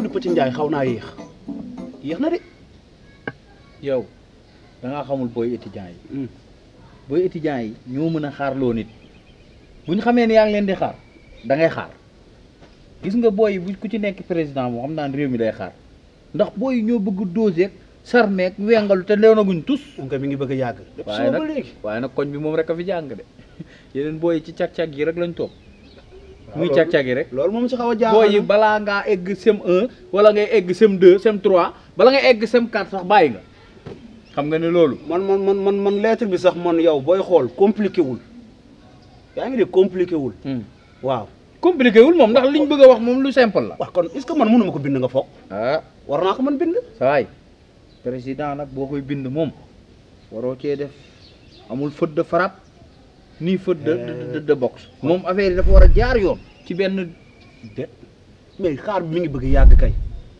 loolu Petit xaw naa yeex yéex na de yow da xamul booy étudiants yi hmm. booy étudiants yi ñoo mën a xaarloo nit bu ñu xamee ne yaa ngi leen di xaar da ngay xaar gis nga booy bu ku ci nekk président moo xam naa réew mi lay xaar ndax booy yi ñoo bëgg doseeg sarmeeg wengalu te leonaguñ tus nga mi ngi bëgg a yàgg waaye nag waaye nag koñ bi moom rek a fi jàng de yeneen booy ci cag-cag yi rek lañ toog muy ciak ciagi rek lolou mom ci xawa jaar boy booy yi balaa ngaa egg sem 1 wala nga egg sem 2 sem 3 bala nga egg sem 4 sax bay nga xam nga ne lolou man man man man man lettre bi sax man yow boy xol compliqué wul ya ngi di compliqué wul hmm waaw compliqué wul mom ndax liñ bëgg wax mom lu simple la wax kon est ce que man mënu ma ko bind nga fokk ah warna ko man bind saay président nak bokoy bind mom waro ci def amul feud de frappe ni fa de de de box. Eh. mom affaire dafa wara jaar yoon. ci benn mais xaar bi mi ngi bëgg yàgg kay.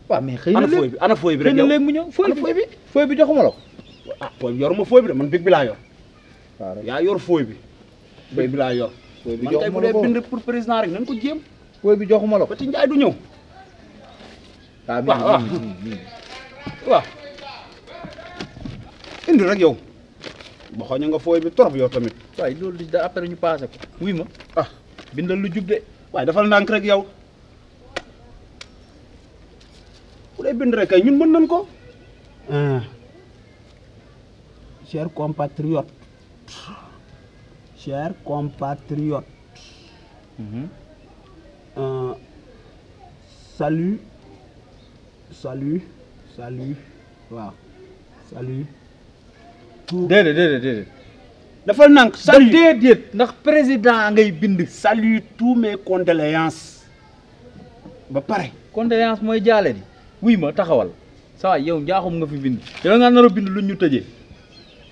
wa mais xëy na ana fooy bi ana foy bi rek yow xëy na mu ñew foy bi fooy bi fooy bi joxuma la ah foy bi yoruma foy bi man big bi la yor. ya yor foy bi. fooy bi la yor. fooy bi joxuma la man tay bu dee bind pour président rek nañ ko jëm fooy bi joxuma la ko ba ci Njaay du ñew ah, wa waaw indi rek yow. ba xooñ nga fooy bi trop yow tamit. waaye loolu di da après ñu passé ko. wuy ma ah bindal lu jub de. waaye defal ndànk rek yow bu dee bind rek kay ñun mën nañ ko. Ah. chers compatriotes chers compatriotes. Mhm. Euh, salut salut salut waaw salut. déedéet déedéet déedéet. dafa nank salut déedéet ndax président ngay bind. salut tous mes condoléances ba pare. condoléances mooy jaale di wuy ma taxawal saa yow njaaxum nga fi bind. yow nga nar bind luñ ñu tëjee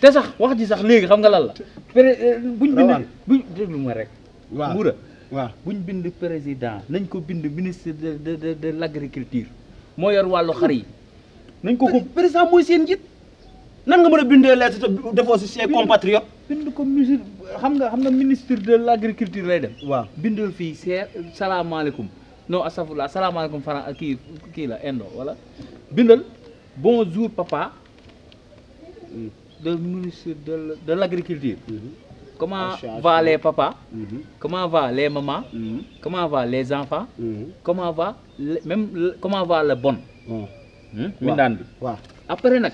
te sax wax ji sax léegi xam nga lan la. Euh, buñ bind buñ déglu ma rek. waaw Mbour waaw buñ bind président nañ ko bind ministre de de de l' agriculture moo yor wàllu xar yi. nañ ko ko président mooy seen njiit. nan nga mën a bindee lettre te defoo ses compatriotes. bind ko ministre xam nga xam ministre de l'Agriculture. agriculture lay dem. waaw bindal fii seer salaamaaleykum non astafurlah salaamaaleykum Faran kii kii la Indo wala bindal bonjour papa. de ministre de l'Agriculture. Mhm. comment va les papas. Mhm. comment va les mamans. Mhm. comment va les enfants. comment va même comment va le bon. Hmm? mindaan bi waaw après nag.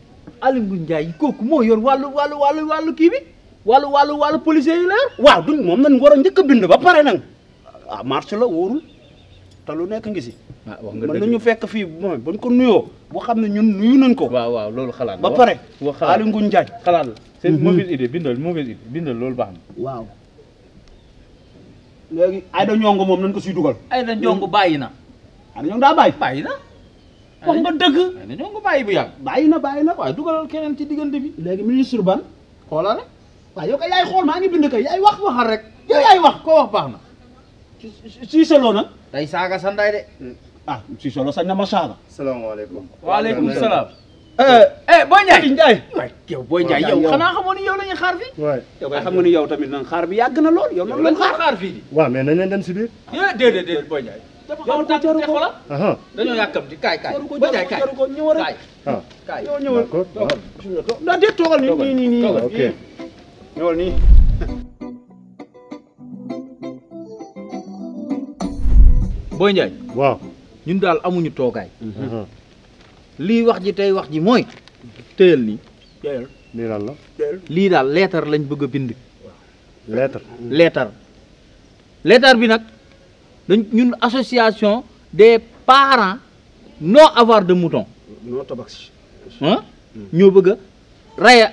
gu nday koku mo yor walu walu walu walu kii bi walu walu wàllu policier yi la wa duñ mom nañ war a bind ba paré nang ah marché la woru ta lu nekk ngi kan, si. wax nga dañu fekk fi mooy kan bañ ko nuyo bo xamne ñun nuyu nañ ko. wa wa lolu xalaat ba alim gu nday xalaat c'est mauvaise mhm. idée bindal mauvaise idée bindal lolu baax wa legi ay da Ndiongo mom nañ ko siy duggal ay da bàyyi bayina ay da ñong da bay bayina wax nga eh? dëgg. na ñoo ngi bàyyi bu yàgg. bàyyi na bàyyi na waaye dugalal keneen ci diggante bi. léegi ministre ban xoolal rek waaw yow kay yaay maa ngi bind kay yaay wax waxal rek. yow wax koo wax baax na. si solo nag. day saaga sa nday de. ah si solo sañ na ma saaga. waalekum waaleykum eh, salaam. eh Boy Ndiaye Ndiaye. waaye yow Boy Ndiaye yow xanaa xamoon ni yow la ñuy xaar fii. waay yow kay xam nga ni yow tamit nag xaar bi yàgg na lool yow noonu la ñu xaar fii. waaw mais nañ leen dem si biir. Eh, déedéet déedéet Boy Ndiaye. yow tànn dañoo yàkkamti kaay kaay ba jaay kaay kaay ñun daal amuñu toogaay. Mm-hmm. lii wax ji tey wax ji mooy. téyel nii. lii daal leetar lañ bëgg a bind. leetar leetar. leetar bi nag. une une association des parents non avoir de mouton. non tabaski. Hein?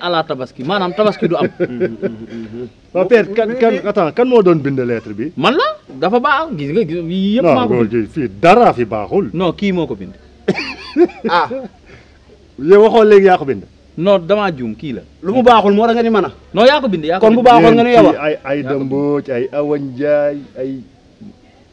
à la tabaski Madame tabaski du am. père kan kan attends lettre bi. man dafa baax gis ko dara fi baaxul. non qui moko bind. ah. ko bind. non dama ki la. lu mu non ya ko bind ya ko kon bu nga ni ay ay ay ay.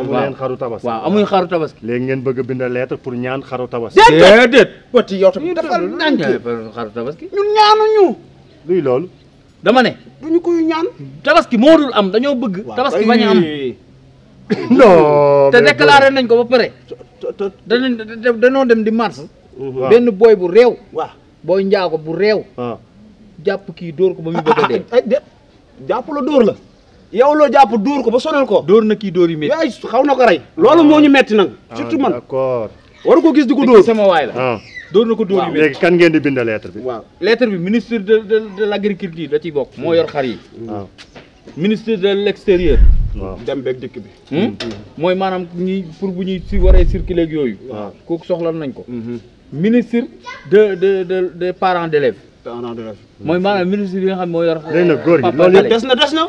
amu leen xaru tabaski waaw amuñ xaru tabaski léegi ngeen bëgg a bind lettre pour ñaan xaru tabaski déedéet bati yow tam ñu defal ndànk xaru tabaski ñun ñaanuñu luy loolu dama ne duñu koy ñaan tabaski moo dul am dañoo bëgg tabaski bañ am non te déclaré nañ ko ba pare dañoo dem di mars uh, benn boy bu réew waaw boy njaago bu réew jàpp kii dóor ko ba muy bëgg a dee jàpp la la yow loo jàpp dóor ko ba sonal ko. dóor na kii dóor yu métti. yooyu xaw na ko rey. loolu moo ñu metti nag. Ah, surtout man d'accord. waru ko gis di ko dóor sama waay la. Ah. dóor na ko dóor yu métti léegi kan ngeen di bind lettre bi. waaw lettre bi ministre de de l'agriculture da ciy bokk. Hmm. moo yor xar yi. Hmm. ministre de l'extérieur. waaw dem beeg dikk bi. Hmm? mooy maanaam ñi bu ñuy si waree circuler ak yooyu. waaw kooku soxla nañ ko. ministre de de de des parents d'élèves. parents d'élèves. mooy maanaam ministre bi nga xam ne moo yor. léegi nag yi des na des na.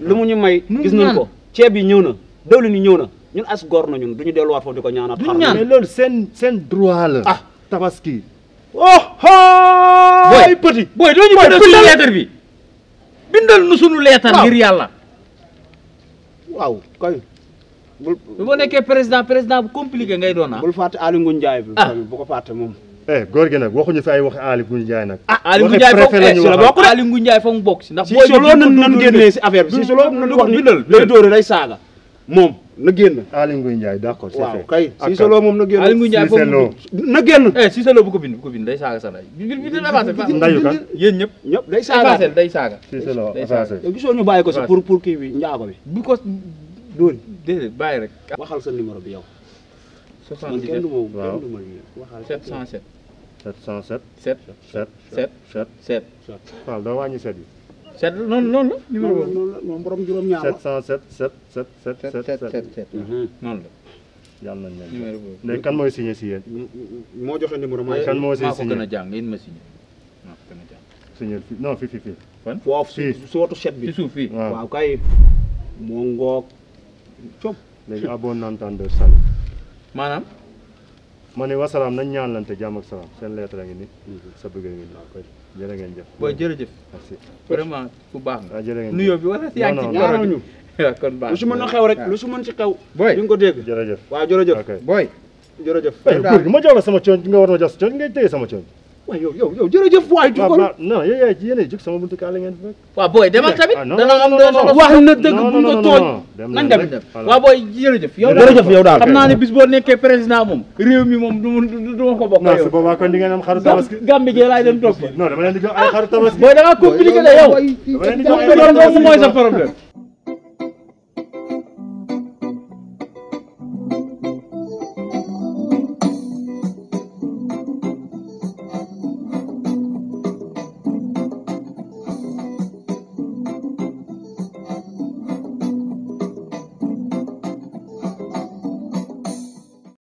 lu mu ñu may gis nañ ko ceeb yi ñëw na dawlin yi ñëw na ñun as gor na ñun duñu delluwaat foofu di ko ñaanat xar mais loolu seen seen droit la ah tabaski oh boy petit boy doo ñu bindal suñu leetar bi bindal nu suñu leetar ngir yàlla waaw kay bu nekkee président président bu compliqué ngay doon ah bul fàtte Aliou Ngoune Ndiaye bi ah. bu ko fàtte moom eh góor gi nag waxuñu fi ay wax Aly Ngouille Ndiaye ah, eh, si la si ndax. boo si loolu nan nan génnee si affaire bi si loolu nan wax ni day moom na génn. Aly Ngouille solo moom na génn. Aly Ngouille eh, bu ko bind bu ko bind day saaga sa ndey. ndayu kan yéen ñëpp. ñëpp day saaga day saaga. Cissé Lo effacé gisoo ñu bàyyi ko si pour pour kii bi njaago bi. bu ko dóori déedéet bàyyi rek. waxal sa numéro bi yow. 77 waaw 707. 707 set set set set set set doo wàññi set yi set noonu non la numéro non moom borom juróom ñaar 707 set set set set set 7 noonu la yàlla nañ leen numéro boobu léegi kan mooy signé si yéen ya. moo joxe numéro mooy kan moo kan eh, signé maa ko gën a jàng yéen ma signé maa ko gën a jàng signé non fii fii fii fan foofu si si set bi ci suuf fii waaw kay moo ngoog cop léegi à bon entendeur salut ma ne wasalaam nañ ñaanlante jàmm ak salaam seen lettre a ngi ni sa bëgg a ngi ni jërë ngeen jëf booy jërëjëf merci baax nga ah, jërë ngeen nuyoo bi wala si yaa ngi ci ñaanooñu kon baax su mën a xew rek lu su mën si xew booy di nga ko dégg jërëjëf waaw jërëjëf booy jërëjëf eh, ma jox la sama cooñ nga war ma jox sa cooñ ngay téye sama cooñ waaw yow yow yow jërëjëf waay. waaw waaw non yéen yéen a jóg sama buntu kaa la ngeen fekk. waaw booy demal tamit. Ah, dana am doo soxla wax na dëgg bu nga tooñ. nañ dem waaw booy jërëjëf. yow jërëjëf yow daal xam naa ne bis boo nekkee président moom. réew mi moom du ma ko bokk. yow su boobaa kon di ngeen am xaru tabaski. Gambie gee laay dem toog fa. non dama leen di jox ay xaru tabaski. booy da ngaa compliqué de yow. dama leen di jox ay xaru tabaski mooy sa problème.